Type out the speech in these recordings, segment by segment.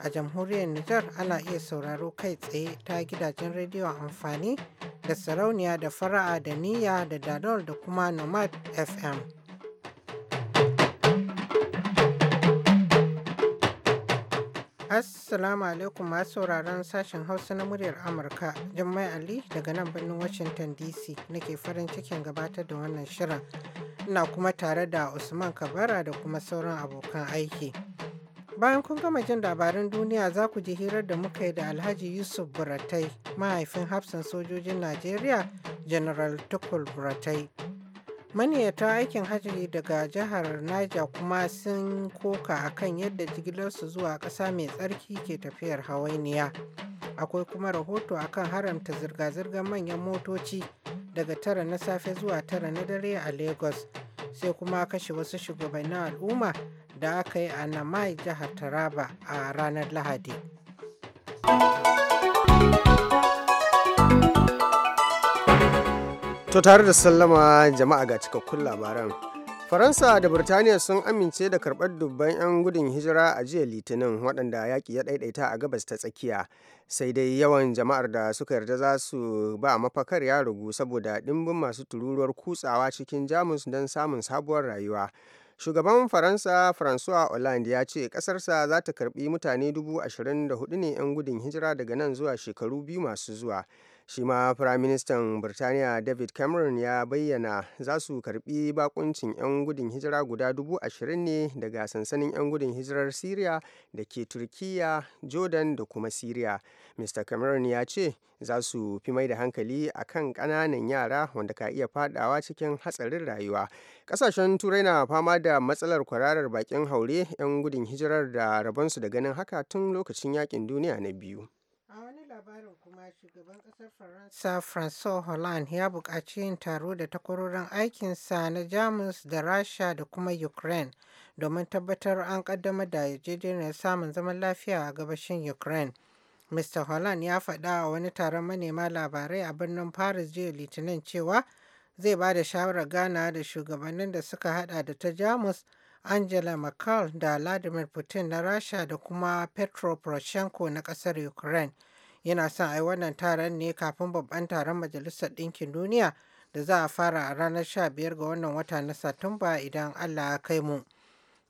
A jamhuriyar Nijar ana iya sauraro kai tsaye ta gidajen rediyon amfani da sarauniya da fara'a da niyya da dadol da kuma nomad FM. Assalamu alaikum masu sauraron sashen Hausa na muryar Amurka. Jummai Ali daga nan birnin Washington DC nake farin cikin gabatar da wannan shirin. Ina kuma tare da Usman Kabara da kuma sauran abokan aiki. Bayan kun gama jin labaran duniya za ku ji hirar da muka yi da Alhaji Yusuf Buratai, mahaifin hafsan sojojin Najeriya, General Tukul Buratai. Maniyata aikin hajji daga jihar Niger kuma sun koka akan yadda jigilarsu zuwa ƙasa mai tsarki ke tafiyar hawainiya. Akwai kuma rahoto akan haramta zirga-zirgar manyan motoci daga tara na safe zuwa tara na dare a Lagos. Sai kuma kashe wasu shugabannin al'umma da aka yi a namai jihar taraba a ranar lahadi to tare da sallama jama'a ga cikakkun labaran faransa da birtaniya sun amince da karɓar dubban 'yan gudun hijira a jiya litinin waɗanda yaƙi ya ɗaiɗaita a gabas ta tsakiya sai dai yawan jama'ar da suka yarda za su ba mafakar ya ragu saboda ɗimbin masu tururuwar kutsawa cikin jamus don samun sabuwar rayuwa Shugaban Faransa Francois Hollande ya ce ƙasarsa za ta karbi mutane 24,000 ne 'yan gudun hijira daga nan zuwa shekaru biyu masu zuwa. shi ma firaministan birtaniya david cameron ya bayyana za su karbi bakuncin 'yan gudun hijira guda dubu ashirin ne daga sansanin 'yan gudun hijirar syria da ke turkiya jordan da kuma syria mr cameron ya ce za su fi mai da hankali a kan ƙananan yara wanda ka iya fadawa cikin hatsarin rayuwa kasashen turai na fama da matsalar kwararar bakin haure 'yan gudun hijirar da rabonsu da ganin haka tun lokacin yakin duniya na biyu A wani labarin kuma, shugaban ƙasar Faransa François Hollande ya buƙaci yin taro da takwarorin aikinsa na Jamus da Rasha da kuma Ukraine domin tabbatar an ƙaddamar da yarjejeniyar samun zaman lafiya a gabashin Ukraine. Mr. Hollande ya faɗa a wani taron manema labarai a birnin Paris jiya Litinin cewa zai ba da shawarar gana da shugabannin da suka haɗa da ta Jamus angela merkel da vladimir putin na rasha da kuma petro poroshenko na kasar ukraine yana son yi wannan taron ne kafin babban taron majalisar ɗinkin duniya da za a fara a ranar 15 ga wannan wata na satumba idan allah ya kai mu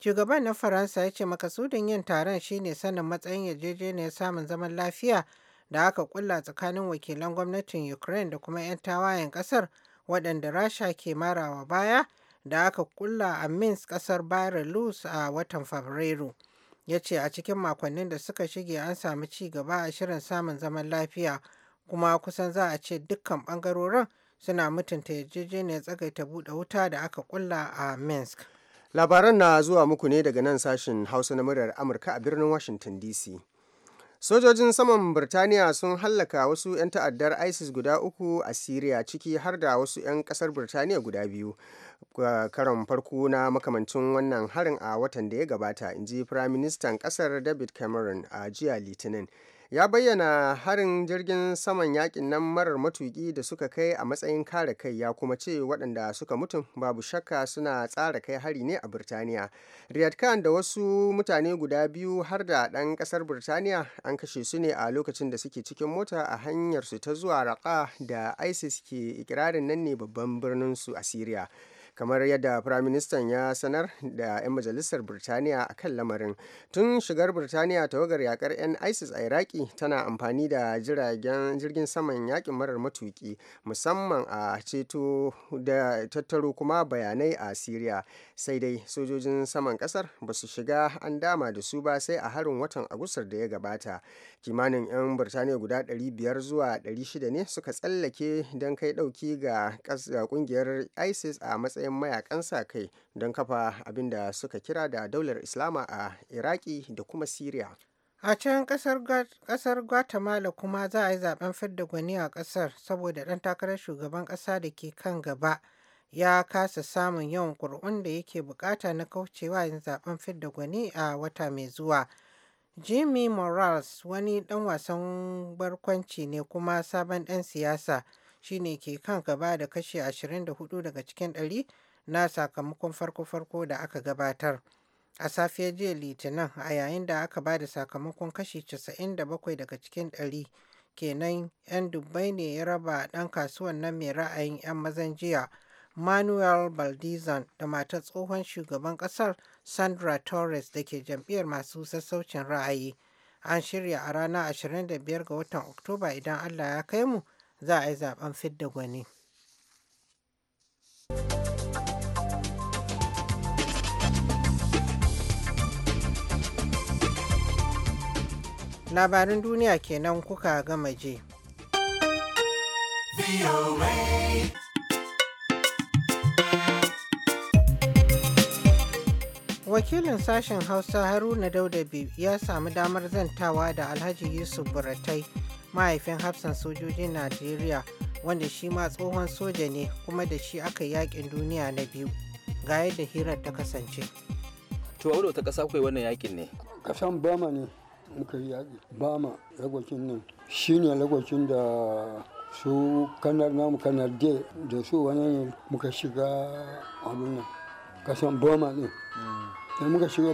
shugaban na faransa ya ce makasudin yin taron shine sanin matsayin yarjejeniyar samun zaman lafiya da aka kulla tsakanin wakilan gwamnatin ukraine da kuma 'yan tawayen kasar waɗanda rasha ke marawa baya da aka kulla a Minsk kasar Belarus a watan Fabrairu. Ya ce a cikin makonnin da suka shige an samu ci gaba a shirin samun zaman lafiya kuma kusan za a ce dukkan bangarorin suna mutunta yarjejeniyar tsagaita bude wuta da aka kulla a Minsk. Labaran na zuwa muku ne daga nan sashen Hausa na muryar Amurka a birnin Washington DC. Sojojin saman Birtaniya sun hallaka wasu 'yan ta'addar ISIS guda uku a Siriya ciki har da wasu 'yan kasar Birtaniya guda biyu. karon farko na makamancin wannan harin a watan da ya gabata, in ji Firaministan ƙasar David Cameron a jiya Litinin. ya bayyana harin jirgin saman yakin nan marar matuki da suka kai a matsayin kare kai ya kuma ce waɗanda suka mutum babu shakka suna tsara kai hari ne a birtaniya riyad khan da wasu mutane guda biyu har da ɗan ƙasar birtaniya an kashe su ne a lokacin da suke cikin mota a hanyar su ta zuwa raƙa da isis ke ikirarin nan ne babban birnin su a siriya kamar yadda firaministan ya sanar da 'yan majalisar birtaniya a kan lamarin tun shigar birtaniya tawagar yakar 'yan isis a iraki tana amfani da jiragen jirgin saman yakin marar matuki musamman a ceto da tattaro kuma bayanai a syria sai dai sojojin saman kasar ba su shiga an dama da su ba sai a harin watan agusar da ya gabata kimanin 'yan birtaniya guda 500 zuwa 600 ne suka tsallake don kai dauki ga kungiyar isis a matsayin matsayin mayakan sa kai don kafa abin da suka kira da daular islama a iraki da kuma syria a can kasar guatemala kuma za a yi zaben fidda gwani a kasar saboda dan takarar shugaban kasa da ke kan gaba ya kasa samun yawan ƙuri'un da yake bukata na kaucewa yin zaben fidda gwani a wata mai zuwa jimmy morales wani dan wasan barkwanci ne kuma sabon dan siyasa shine ke kan gaba da kashi 24 daga cikin ɗari na sakamakon farko-farko da aka gabatar. A safiyar jiya Litinin a yayin da aka ba da sakamakon kashi 97 daga cikin ɗari kenan 'yan dubbai ne ya raba ɗan kasuwan nan mai ra'ayin 'yan mazan jiya Manuel Baldizan da matar tsohon shugaban ƙasar Sandra Torres da ke jam'iyyar masu sassaucin ra'ayi. An shirya a ranar 25 ga watan Oktoba idan Allah ya kai mu za a yi zaben fidda gwani. Labarin duniya kenan kuka gama je. wakilin sashen hausa haruna daudabi ya samu damar zantawa da alhaji yusuf buratai mahaifin hafsan sojojin najeriya wanda shi ma tsohon soja ne kuma da shi aka yakin duniya na biyu ga yadda hirar ta kasance to a ta kasa kai wannan yakin ne kasan bama ne muka yi yaki bama lagwakin nan shine lagwakin da su kanar namu kanar de da su wani muka shiga abin nan kasan bama ne mm. da muka shiga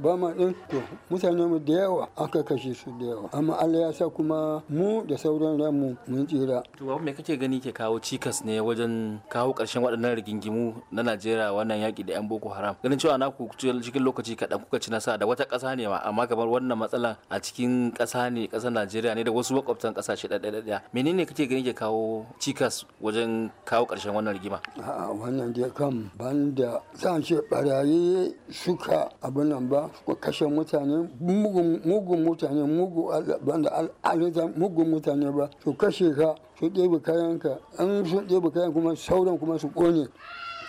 bama din to mutane mu da yawa aka kashe su da yawa amma Allah ya sa kuma mu da sauran ranmu mun tsira to babu me kake gani ke kawo cikas ne wajen kawo ƙarshen waɗannan rigingimu na Najeriya wannan yaki da yan Boko Haram ganin cewa na ku cikin lokaci kaɗan kuka ci nasara da wata ƙasa ne ma amma kamar wannan matsala a cikin ƙasa ne ƙasar Najeriya ne da wasu makwabtan ƙasashe ɗaya menene kake gani ke kawo cikas wajen kawo ƙarshen wannan rigima a'a wannan dai kam ban da zan ce ɓarayi. suka abin nan ba suka kashe mutane mugun mutane mugu banda alita mugun mutane ba su kashe ka su ɗebe kayanka an sun ɗebe kayan kuma sauran kuma su ƙone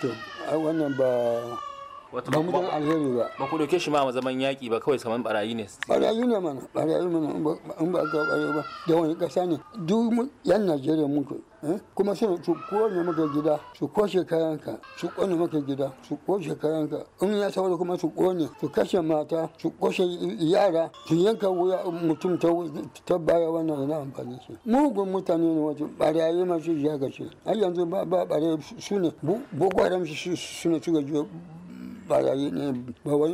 to wannan ba wato ba mu dan alheri ba ba ku dauke shi ma zaman yaƙi ba kawai saman barayi ne barayi ne mana barayi mana in ba ka barayi ba da wani kasa ne duk yan Najeriya mun kai eh? kuma sai su kone maka gida su koshe kayanka su kone maka gida su koshe kayanka in ya saura kuma su kone su kashe mata su koshe yara su yanka wuya mutum ta baya wannan yana amfani shi mugun mutane ne wato barayi masu jaga ce har yanzu ba barayi su ne boko haram su ne su suka barayi ne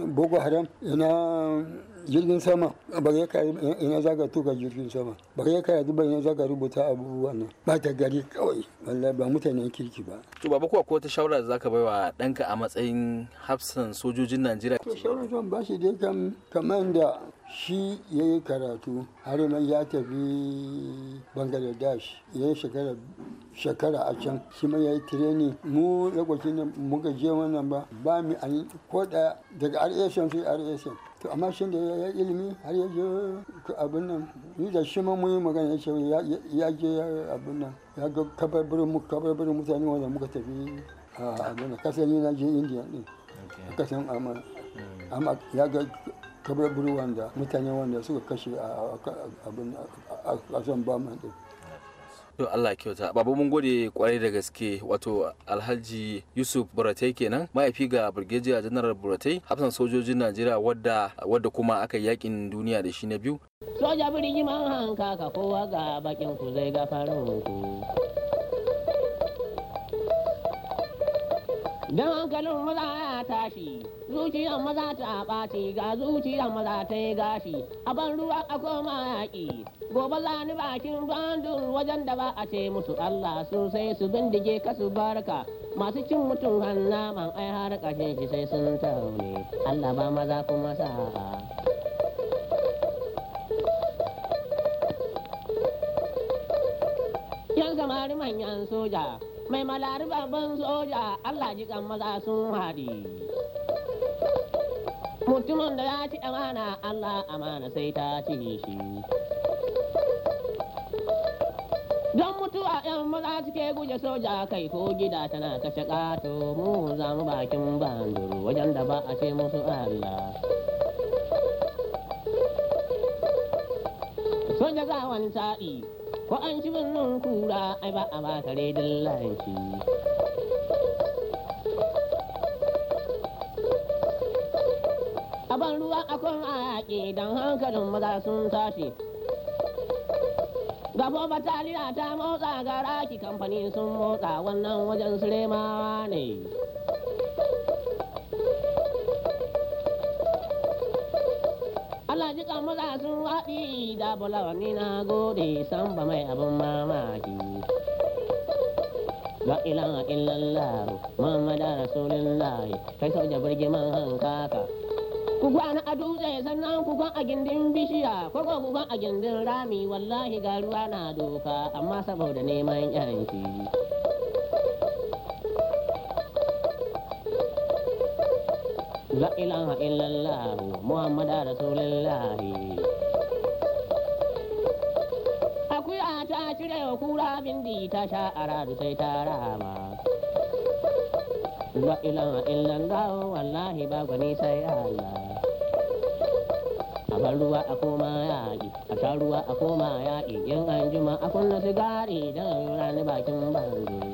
boko haram ina jirgin sama ya ka ina zaga tuka jirgin sama bare ka yadda ina zaga rubuta abubuwan nan ba ta gari kawai wallahi ba mutanen kirki ba to baba ko ta shawara da zaka baiwa danka a matsayin hafsan sojojin Najeriya to shawara zan bashi dai kan kamanda shi ya yi karatu harinan ya tafi bangladesh ya yi shekara a can shi ma ya yi tireni mu lokacin da muka je wannan ba ba mi an da daga rsm sai rsm to amma shi da ya ilimi har ya je to abin nan ni da shi ma mu yi magana ya ce ya je abin nan ya ga kabarbirin mutane wanda muka tafi a ah, abin nan kasar ni na je indiya din kasan hmm. amma ya ga kabarburi wanda mutane wanda suka kashe a kasan bama din to Allah kyauta babu mun gode kwarai da gaske wato Alhaji Yusuf Buratai kenan mahaifi ga Brigadier General Buratai hafsan sojojin Najeriya wadda wadda kuma aka yakin duniya da shi na biyu soja birni man hanka ka kowa ga bakin ku zai gafarin ku Don hankalin maza ya tashi, zuciyar maza ta ɓaci ga zuciyar maza ta yi gashi, a ban ruwa a koma yaƙi. Gobe za ni bakin bandun wajen da ba a ce musu Allah sosai su bindige ka su barka. Masu cin mutum hanna man ai har shi sai sun taune. Allah ba maza kuma sa. Yan samari manyan soja, mai malari babban soja Allah jikan maza sun haɗi. Mutumin da ya ci amana Allah amana sai ta ci shi. Don mutuwa ‘yan maza suke guje soja kai ko gida tana kashe ƙato mu za bakin banduru wajen da ba a ce musu Allah. Soja za wani sa'i. ko an ci birnin kura ai ba a ba kare A ban ruwa akon a yaƙi don hankalin maza sun sace gabo bataliya ta motsa ga raki kamfani sun motsa wannan wajen sulemawa ne Allah ji sun haɗi da bulawani na gode san ba mai abin mamaki. La ilaha illallah Muhammadu Rasulullah kai sauja birgiman hankaka. Ku na a dutse sannan ku a gindin bishiya ko ku a gindin rami wallahi ga ruwa na doka amma saboda neman yanki. la ilaha illallah muhammad rasulullah akuya ta ya kura bindi ta sha aradu sai ta rama la ilaha illallah wallahi ba gwani sai allah a bar ruwa a koma yaƙi a sha ruwa a koma yaƙi yin anjima jima a kunna sigari don rani bakin banzo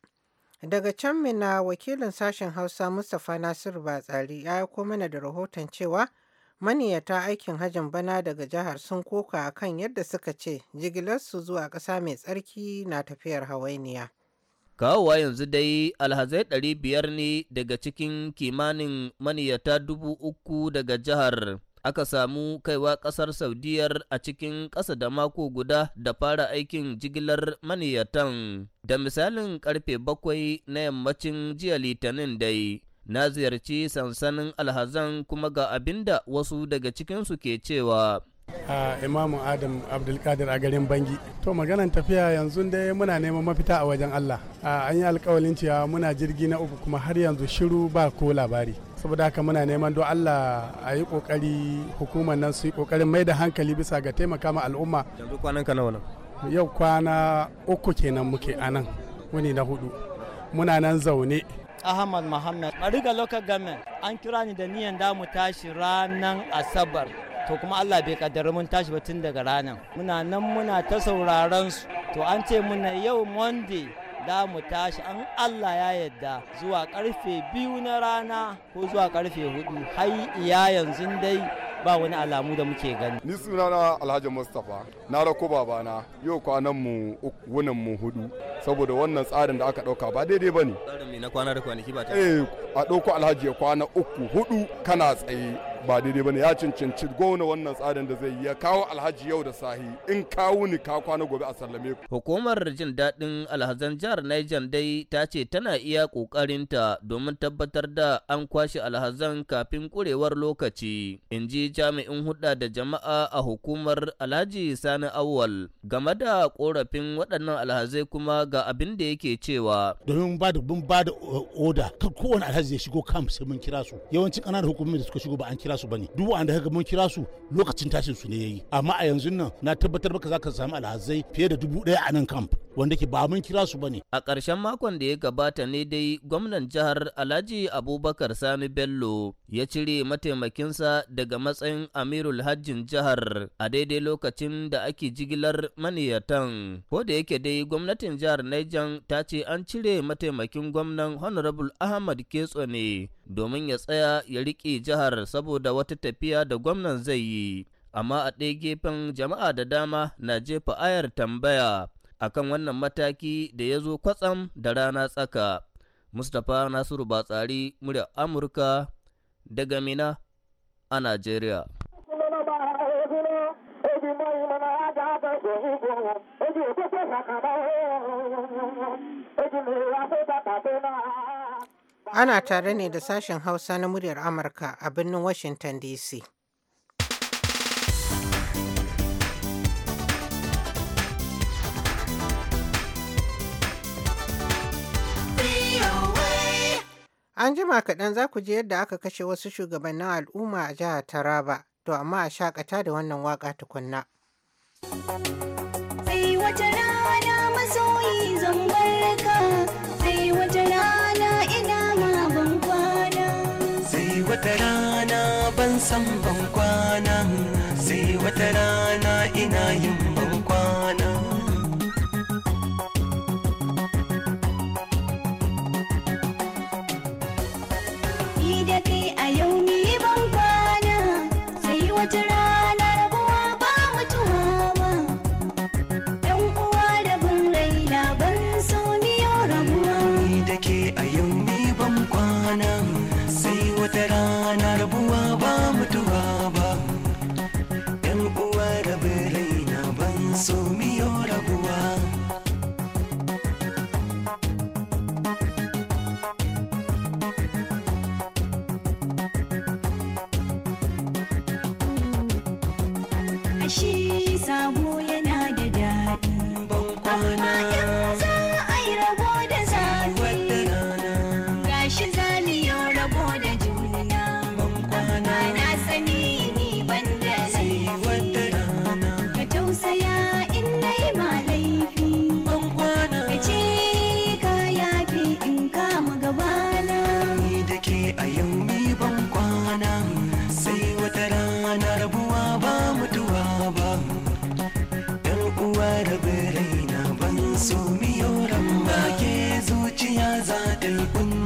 Daga can Mina wakilin sashen Hausa Mustapha Nasiru Batsari ya aiko mana da rahoton cewa maniyata aikin hajin bana daga jihar sun koka kan yadda suka ce jigilarsu zuwa ƙasa mai tsarki na tafiyar hawainiya. kawowa yanzu dai alhazai ɗari biyar ne daga cikin kimanin maniyata dubu uku daga jihar aka samu kaiwa ƙasar saudiyar a cikin ƙasa da mako guda da fara aikin jigilar maniyatan da misalin karfe bakwai na yammacin jiya litinin dai na ziyarci sansanin alhazan kuma ga abin wasu daga cikinsu ke cewa a uh, imamu adam abdulkadir a garin bangi to maganan tafiya yanzu dai muna neman mafita a wajen allah uh, an yi alkawalin cewa muna jirgi na uku kuma har yanzu shiru ba ko labari saboda haka muna neman don allah a yi kokari hukumar nan su yi kokarin mai da hankali bisa ga taimaka ma al'umma yanzu kwanan ka nawa nan yau kwana uku kenan muke a nan wani na hudu muna nan zaune ahmad muhammad bariga local government an kira ni da niyan Damu tashi ranar asabar to kuma allah bai kaddara mun tashi ba tun daga ranar muna nan muna ta sauraron su to an ce muna yau monday da mu tashi an Allah ya yadda zuwa karfe biyu na rana ko zuwa karfe hudu hai iya yanzu dai ba wani alamu da muke gani. Ni suna na Alhaji Mustapha na rako babana yau kwanan mu wunan mu hudu saboda wannan tsarin da aka dauka ba daidai bane. Tsarin me na kwana da kwanaki ba ta. Eh a dauko Alhaji ya kwana uku hudu kana tsaye ba daidai bane ya cancanci gona wannan tsarin da zai yi ya kawo alhaji yau da sahi in kawo ni ka kwana gobe a sallame ku hukumar jin daɗin alhazan jihar Niger dai ta ce tana iya ƙoƙarinta domin tabbatar da an kwashe alhazan kafin ƙurewar lokaci in ji jami'in huda da jama'a a hukumar alhaji sani awwal game da korafin waɗannan alhazai kuma ga abin da yake cewa domin ba da ba da eh, oda kowane alhaji ya shigo kam sai mun kira su yawancin ƙananan hukumomi da suka shigo ba an kira kira su bane duk wanda kaga mun kira su lokacin tashin su ne yayi amma a yanzu nan na tabbatar maka zaka samu alhazai fiye da dubu ɗaya a nan camp wanda ke ba mun kira su bane a ƙarshen makon da ya gabata ne dai gwamnan jihar Alhaji Abubakar Sani Bello ya cire mataimakinsa daga matsayin Amirul Hajjin jihar a daidai lokacin da ake jigilar maniyatan ko da yake dai gwamnatin jihar Niger ta ce an cire mataimakin gwamnan Honorable Ahmad Ketso ne domin ya tsaya ya riƙe jihar saboda wata tafiya da gwamnan zai yi, amma a ɗaya gefen jama'a da dama na jefa ayar tambaya akan wannan mataki da ya zo kwatsam da rana tsaka. Mustapha Nasiru Batsari, murya Amurka daga Mina a Najeriya. Ana tare ne da sashen Hausa na muryar Amurka a birnin Washington DC. An jima kaɗan za ku ji yadda aka kashe wasu shugabannin al'umma a jihar Taraba, to amma a shakata da wannan waka tukunna. Sai wata rana masoyi zan barka, sai wata rana ina ma ban kwana. Sai wata rana ban san ban kwana, sai wata rana ina yin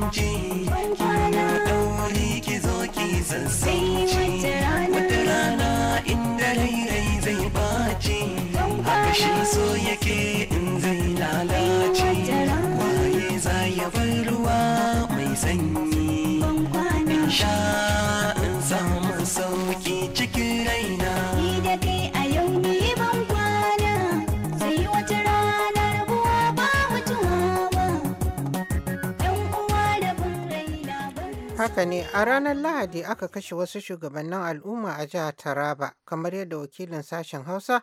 banki ɗauri ki zo ki sassauci wata rana inda rairai zai baci haka so yake in zai lalace waye za ya bar ruwa mai sanyi sha Haka ne a ranar Lahadi aka kashe wasu shugabannin al'umma a jihar Taraba kamar yadda wakilin sashen Hausa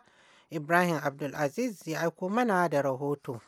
Ibrahim Abdulaziz ya aiko mana da rahoto.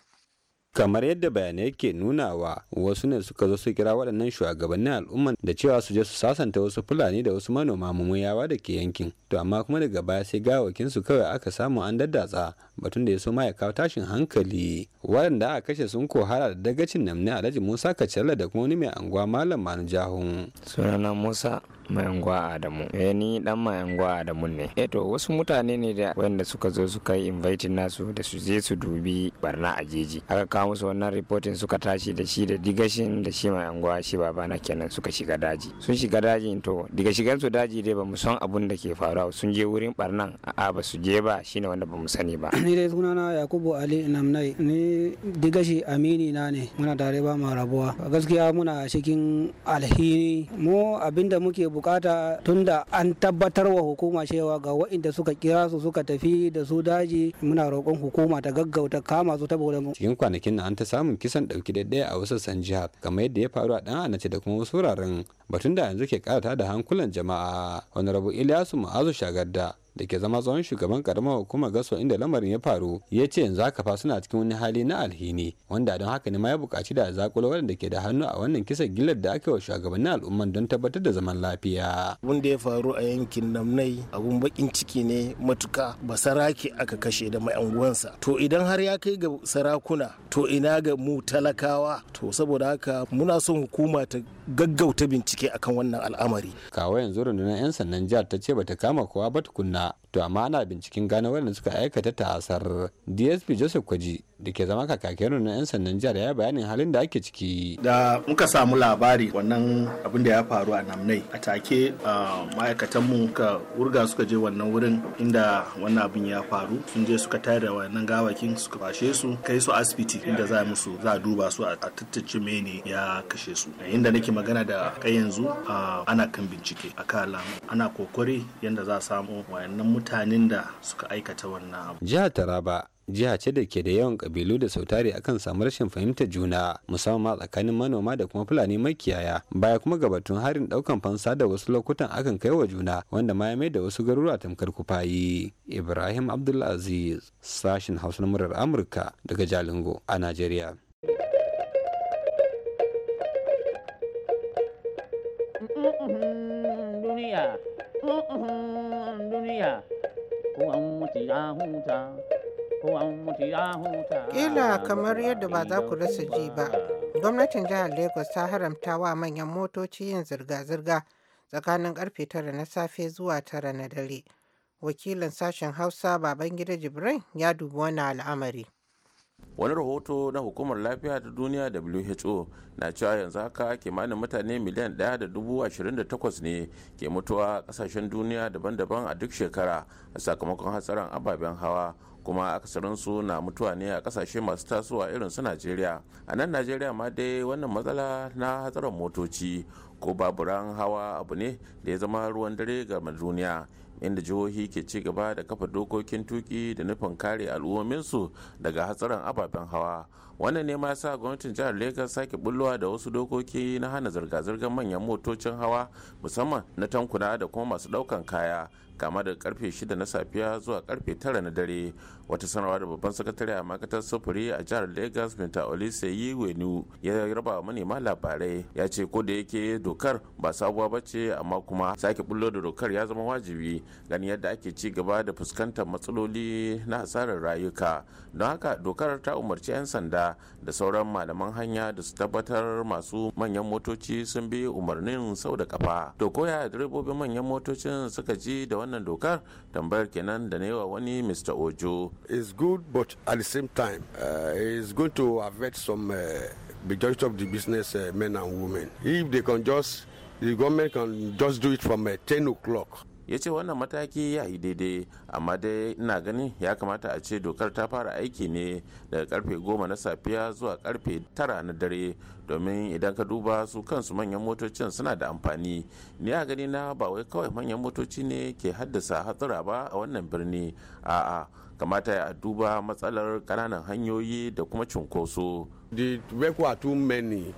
kamar yadda bayanai ke nunawa wasu ne suka zo su kira waɗannan shugabannin al'umma da cewa su je su sasanta wasu fulani da wasu manoma mummuyawa da ke yankin to amma kuma daga baya sai gawakin su kawai aka samu an daddatsa batun da ya so ma ya kawo tashin hankali waɗanda aka kashe sun kohara da dagacin ne alhaji musa kacalla da kuma wani mai anguwa malam manu jahun sunana musa mai anguwa adamu eh ni dan mai anguwa adamu ne eh to wasu mutane ne da wanda suka zo suka yi invite nasu da su je su dubi barna a jeji aka kawo musu wannan reporting suka tashi da shi da digashin da shi mai anguwa shi babana kenan suka shiga daji sun shiga daji to diga shigan su daji dai ba mu san abun da ke faruwa sun je wurin barnan a'a ba su je ba shine wanda bamu sani ba ni dai sunana yakubu ali namnai ni digashi amini na ne muna tare ba mu rabuwa gaskiya muna cikin alhini mu abinda muke bukata tunda an tabbatar wa hukuma cewa ga wa'inda suka kira su suka tafi da su daji muna roƙon hukuma ta gaggauta kama su ta mu cikin kwanakin nan an ta samun kisan dauki daidai a wasu san jihar kamar yadda ya faru a dan anace da kuma wasu wuraren batun da yanzu ke karata da hankulan jama'a wani rabu ilyasu ma'azu shagarda da ke zama tsohon shugaban karamar hukumar gaso inda lamarin ya faru ya ce yanzu haka fa suna cikin wani hali na alhini wanda don haka ne ma ya buƙaci da zakulo wanda ke da hannu a wannan kisan gillar da aka yi wa shugabannin al'umman don tabbatar da zaman lafiya. wanda ya faru a yankin namnai abun bakin ciki ne matuka ba saraki aka kashe da mai anguwansa to idan har ya kai ga sarakuna to ina ga mu talakawa to saboda haka muna son hukuma ta gaggauta bincike akan wannan al'amari. Kawo yanzu rundunar 'yan sannan jihar ta ce bata kama kowa ba tukunna to amma ana binciken gano wanda suka aikata ta'asar DSP Joseph Kwaji da ke zama kakakin na 'yan sandan jihar ya bayanin halin da ake ciki. Da muka samu labari wannan abin da ya faru a Namnai a take ma'aikatanmu ka wurga suka je wannan wurin inda wannan abin ya faru sun je suka tayar da wannan gawakin suka bashe su kai su asibiti inda za musu za a duba su a tattace mene ya kashe su inda nake magana da kai yanzu ana kan bincike a kala ana kokari yanda za a samu wayannan mutanen da suka aikata wannan abu. Jihar Taraba jiha ce da ke da yawan kabilu da sautari akan samu rashin fahimtar juna musamman tsakanin manoma da kuma fulani makiyaya baya kuma gabatun harin daukan fansa da wasu lokutan akan kai wa juna wanda ma ya mai da wasu garuruwa tamkar kufayi ibrahim abdulaziz sashin hausa na murar amurka daga jalingo a najeriya duniya duniya Kila kamar yadda ba za ku rasa ji ba, gwamnatin jihar Lagos ta haramta wa manyan motoci yin zirga-zirga tsakanin karfe tara na safe zuwa tara na dare. Wakilin sashen Hausa Babangida Jibrin ya dubi wani al'amari. wani rahoto na hukumar lafiya ta duniya who na cewa yanzu haka kimanin mutane miliyan ɗaya da dubu ashirin da takwas ne ke mutuwa a kasashen duniya daban-daban a duk shekara a sakamakon hatsarin ababen hawa kuma akasarinsu na mutuwa ne a kasashe masu tasowa irin su najeriya a nan najeriya ma dai wannan matsala na hatsarin motoci ko baburan hawa abu ne da ya zama ruwan dare ga duniya inda jihohi ke ci gaba da kafa dokokin tuki da nufin kare al'ummominsu daga hatsarin ababen hawa wannan ne ma sa gwamnatin jihar lagos sake bullowa da wasu dokoki na hana zirga-zirgar manyan motocin hawa musamman na tankuna da kuma masu daukan kaya kama daga karfe 6 na safiya zuwa karfe 9 na dare wata sanarwa da babban sakatare a makatar sufuri a jihar lagos minta olise yi wenu ya raba wa manema labarai ya ce ko da yake dokar ba sabuwa ba ce amma kuma sake bullo da dokar ya zama wajibi ganin yadda ake ci gaba da fuskantar matsaloli na hasarar rayuka don haka dokar ta umarci 'yan sanda da sauran malaman hanya da su tabbatar masu manyan motoci sun bi umarnin sau da kafa to koya direbobin manyan motocin suka ji da wannan dokar tambayar kenan da na yi wa wani mr ojo is good but at the same time uh, is going to affect some uh, majority of the business uh, men and women if they can just the government can just do it from uh, 10 o'clock ya ce wannan mataki ya yi daidai amma dai ina ganin ya kamata a ce dokar ta fara aiki ne daga karfe goma na safiya zuwa karfe tara na dare domin idan ka duba su kansu manyan motocin suna da amfani ni a gani na ba wai kawai manyan motoci ne ke haddasa hatsura ba a wannan birni a'a kamata ya duba matsalar kananan hanyoyi da kuma cunkoso the too many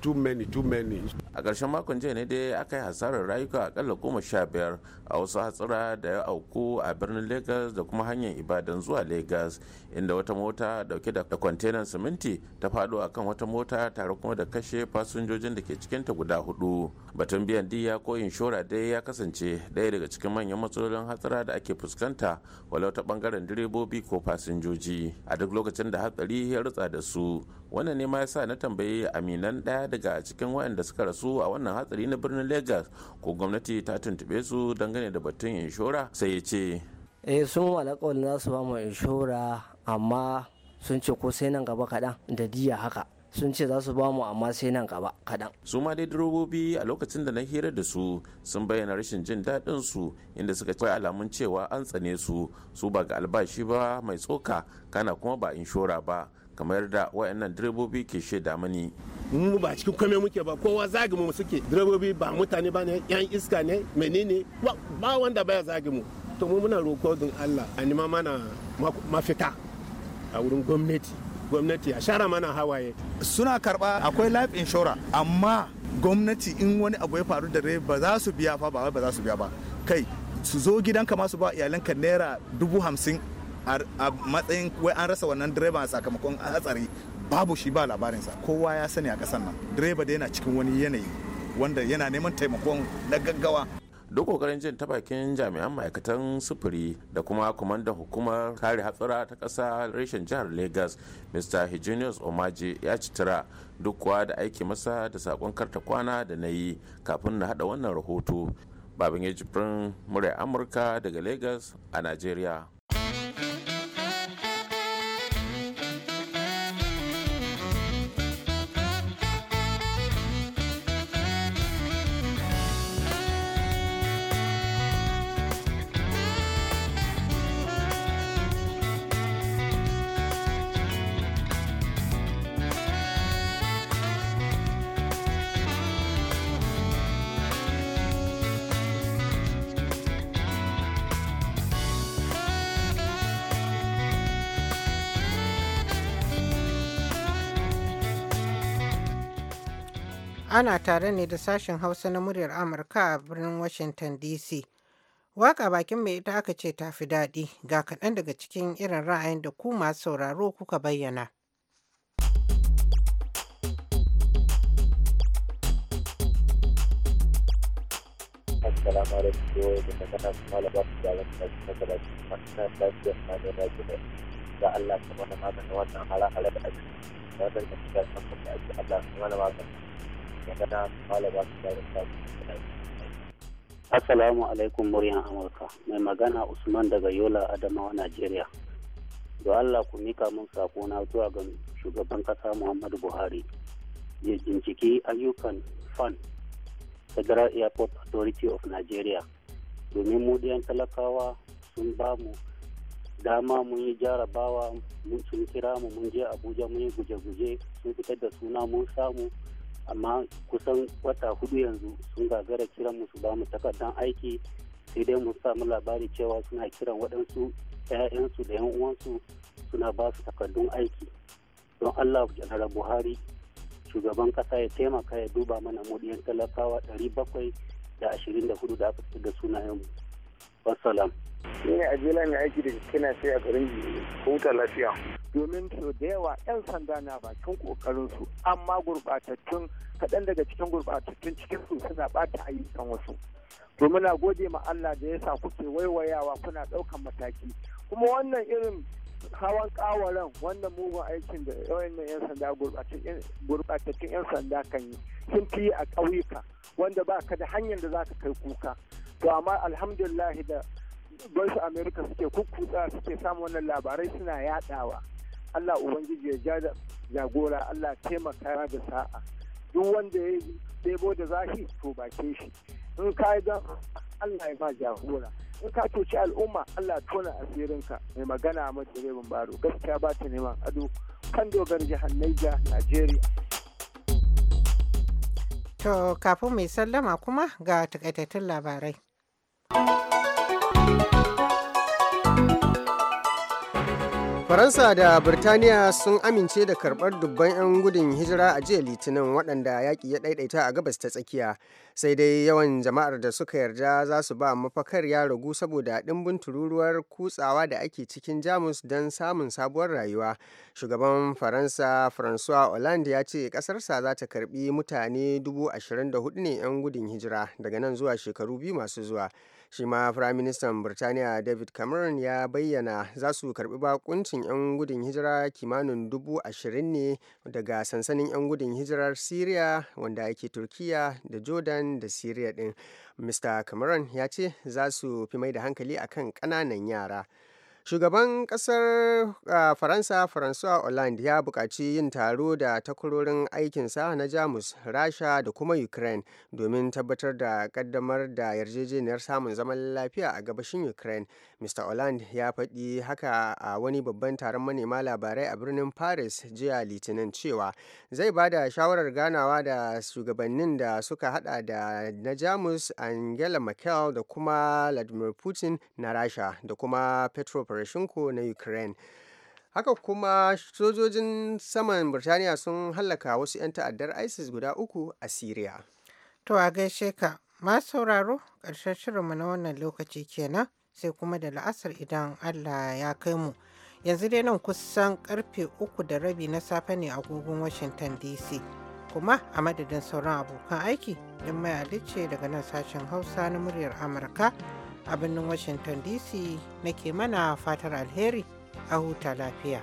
too many too many a ƙarshen makon jiya ne dai aka yi hasarar rayuka akalla goma sha biyar a wasu hatsura da ya auku a birnin lagos da kuma hanyar ibadan zuwa lagos inda wata mota dauke da kwantenan siminti ta fado akan wata mota tare kuma da kashe fasinjojin da ke cikinta guda hudu batun biyan diya ko inshora dai ya kasance daya daga cikin manyan matsalolin hatsara da ake fuskanta walau ta bangaren direbobi ko fasinjoji a duk lokacin da hatsari ya rutsa da su wannan ne ma yasa na tambayi aminan daya daga cikin waɗanda suka rasu a wannan hatsari na birnin lagos ko gwamnati ta tuntube su don dangane da batun inshora sai ya ce eh sun walakawal za su ba mu inshora amma sun ce ko sai nan gaba kaɗan da diya haka sun ce za su ba mu amma sai nan gaba kaɗan. su ma dai direbobi a lokacin da na hira da su sun bayyana rashin jin daɗin su inda suka ce alamun cewa an tsane su su ba ga albashi ba mai tsoka kana kuma ba inshora ba kamar da wayannan direbobi ke shaida mani mu ba cikin kome muke ba kowa zagi mu suke direbobi ba mutane ba ne yan iska ne menene ba wanda baya zagi mu to mu muna roko don Allah a nima mana mafita a wurin gwamnati gwamnati a shara mana hawaye suna karba akwai life insurance amma gwamnati in wani abu ya faru da rai ba za su biya fa ba ba za su biya ba kai su zo gidanka masu ba iyalanka naira dubu hamsin a matsayin wai an rasa wannan direba a sakamakon hatsari babu shi ba labarinsa kowa ya sani a ƙasar nan direba da yana cikin wani yanayi wanda yana neman taimakon na gaggawa duk kokarin jin ta bakin jami'an ma'aikatan sufuri da kuma kwamandan hukumar kare hatsura ta ƙasa reshen jihar lagos mr hijinius omaji ya citira duk kuwa da aiki masa da sakon karta kwana da na yi kafin na hada wannan rahoto babin ya jibrin murai amurka daga lagos a nigeria Ana tare ne da sashen Hausa na muryar Amurka a birnin Washington DC. Waka bakin mai ita aka ce tafi daɗi ga kaɗan daga cikin irin ra'ayin da ku masu sauraro kuka bayyana. da Allah da maganin wannan hara-hara da ake da ake Allah wani maganin magana alaikum muryan Amurka mai magana Usman daga Yola Adamawa Najeriya. Da Allah ku mika saƙo na zuwa ga shugaban ƙasa Muhammadu Buhari. Ya binciki ayyukan FAN Federal Airport Authority of Nigeria domin mu talakawa sun ba mu dama mun yi jarabawa mun sun kira mu mun je abuja mun yi guje-guje sun fitar da suna mun samu amma kusan wata hudu yanzu sun gagara kiran mu su ba mu takardar aiki sai dai mu samu labari cewa suna kiran waɗansu 'ya'yansu da 'yan uwansu suna ba su takardun aiki don allah janar buhari shugaban ƙasa ya taimaka ya duba mana mudiyan talakawa bakwai da ashirin da aka fi da sunayenmu wassalam ni ne jela mai aiki da kina sai a garin ta lafiya domin sau da yawa 'yan sanda na bakin kokarinsu amma gurbatattun kaɗan daga cikin gurbatattun cikinsu suna bata ayyukan wasu to muna gode ma Allah da ya sa kuke waiwayawa kuna ɗaukan mataki kuma wannan irin hawan kawaran wannan mugun aikin da yawan 'yan sanda gurbatattun 'yan sanda kan yi sun fi a ƙauyuka wanda ba ka da hanyar da za ka kai kuka to amma alhamdulillah da voice america suke kukkutsa suke samun wannan labarai suna yadawa Allah Ubangiji ya ja jagora Allah taimaka da sa'a duk wanda ya yi ɗebo da zafi to bakin shi in ka yi don Allah ya ba jagora in ka cuci al'umma Allah tona asirin ka mai magana a direban baro gaskiya ba ta neman ado kan dogar jihar Niger Najeriya. To kafin mai sallama kuma ga takaitattun labarai. faransa da birtaniya sun amince da karbar dubban 'yan gudun hijira a jiya litinin waɗanda yaƙi ya ɗaiɗaita a gabas ta tsakiya sai dai yawan jama'ar da suka yarda za su ba mafakar ya ragu saboda ɗimbin tururuwar kutsawa da ake cikin jamus don samun sabuwar rayuwa shugaban faransa francois hollande ya ce ƙasarsa za ta karbi mutane 24,000 ne 'yan gudun hijira daga nan zuwa shekaru biyu masu zuwa shi ma firaministan birtaniya david cameron ya bayyana za su karbi bakuncin 'yan gudun hijira kimanin dubu ashirin ne daga sansanin 'yan gudun hijirar syria wanda ake turkiya da jordan da syria din mr cameron ya ce za su fi mai da hankali akan kananan yara Shugaban kasar ah, Faransa francois Hollande ya buƙaci yin taro da takwarorin aikinsa na Jamus, Rasha da kuma Ukraine domin tabbatar da kaddamar da yarjejeniyar samun zaman lafiya a gabashin Ukraine. Mr. Hollande ya faɗi haka a wani babban taron manema labarai a birnin Paris jiya Litinin cewa zai ba da shawarar ganawa da shugabannin da suka hada da na Jamus Angela Merkel da kuma Vladimir Putin na Rasha da kuma Petro Poroshenko na Ukraine. Haka kuma sojojin saman Birtaniya sun hallaka wasu 'yan ta'addar ISIS guda uku a syria. To a gaishe ka, ma sauraro ƙarshen shirinmu na wannan lokaci kenan sai kuma da la'asar idan Allah ya kai mu. Yanzu dai nan kusan karfe uku da rabi na safe ne a agogon Washington DC. Kuma a madadin sauran abokan aiki, Jummai mai alice daga nan sashen Hausa na muryar Amurka. a birnin washington dc nake mana fatar alheri a huta lafiya.